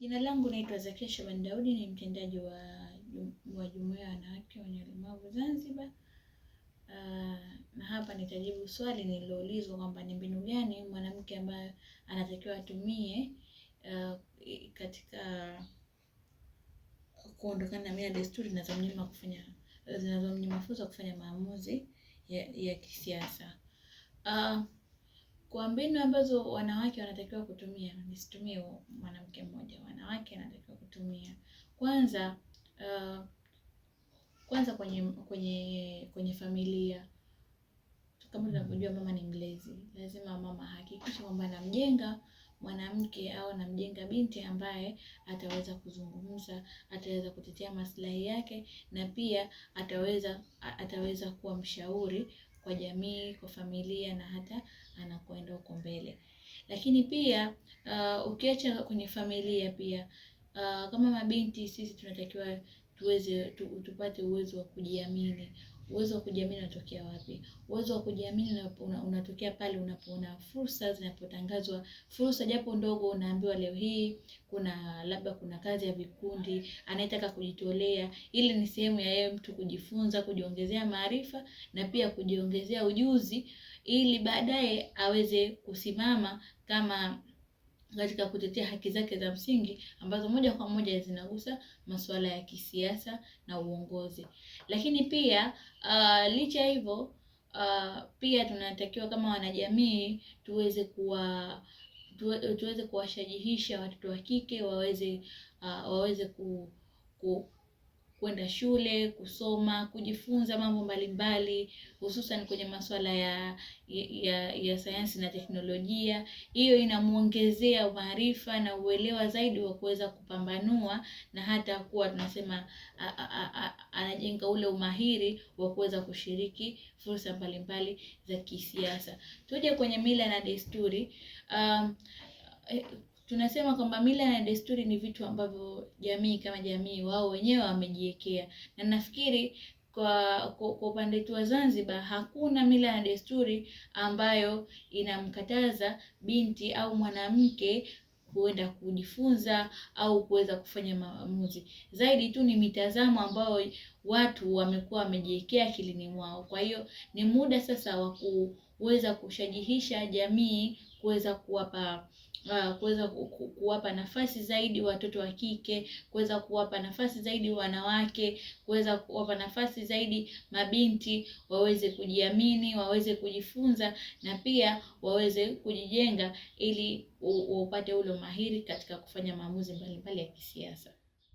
Jina langu naitwa Zakia Shaban Daudi, ni mtendaji wa jumuiya ya wanawake wenye ulemavu Zanzibar. Uh, na hapa nitajibu swali nililoulizwa kwamba ni mbinu gani mwanamke ambaye anatakiwa atumie uh, katika kuondokana na mila desturi zinazomnyima kufanya zinazomnyima fursa kufanya maamuzi ya, ya kisiasa uh, kwa mbinu ambazo wanawake wanatakiwa kutumia, nisitumie mwanamke mmoja, wanawake wanatakiwa kutumia kwanza, uh, kwanza kwenye kwenye kwenye familia kama tunavyojua mama ni mlezi, lazima mama hakikisha kwamba anamjenga mwanamke au anamjenga binti ambaye ataweza kuzungumza, ataweza kutetea maslahi yake na pia ataweza ataweza kuwa mshauri kwa jamii, kwa familia na hata anakoenda huko mbele. Lakini pia uh, ukiacha kwenye familia pia uh, kama mabinti sisi tunatakiwa tuweze tu, tupate uwezo wa kujiamini. Uwezo wa kujiamini unatokea wapi? Uwezo wa kujiamini una, unatokea pale unapoona fursa zinapotangazwa. Fursa japo ndogo, unaambiwa leo hii kuna labda kuna kazi ya vikundi anayetaka kujitolea. ili ni sehemu ya yeye mtu kujifunza, kujiongezea maarifa na pia kujiongezea ujuzi, ili baadaye aweze kusimama kama katika kutetea haki zake za msingi ambazo moja kwa moja zinagusa masuala ya kisiasa na uongozi. Lakini pia uh, licha hivyo uh, pia tunatakiwa kama wanajamii tuweze kuwa tuweze kuwashajihisha watoto wa kike waweze uh, waweze ku, ku kwenda shule, kusoma, kujifunza mambo mbalimbali, hususan kwenye masuala ya ya, ya sayansi na teknolojia. Hiyo inamwongezea maarifa na uelewa zaidi wa kuweza kupambanua na hata kuwa tunasema anajenga ule umahiri wa kuweza kushiriki fursa mbalimbali za kisiasa. Tuje kwenye mila na desturi um, tunasema kwamba mila na desturi ni vitu ambavyo jamii kama jamii wao wenyewe wamejiwekea, na nafikiri kwa kwa upande wetu wa Zanzibar hakuna mila na desturi ambayo inamkataza binti au mwanamke kuenda kujifunza au kuweza kufanya maamuzi. Zaidi tu ni mitazamo ambayo watu wamekuwa wamejiwekea akilini mwao. Kwa hiyo ni muda sasa wa kuweza kushajihisha jamii kuweza kuwapa uh, kuweza kuwapa nafasi zaidi watoto wa kike, kuweza kuwapa nafasi zaidi wanawake, kuweza kuwapa nafasi zaidi mabinti waweze kujiamini, waweze kujifunza na pia waweze kujijenga, ili upate ule umahiri katika kufanya maamuzi mbalimbali ya kisiasa.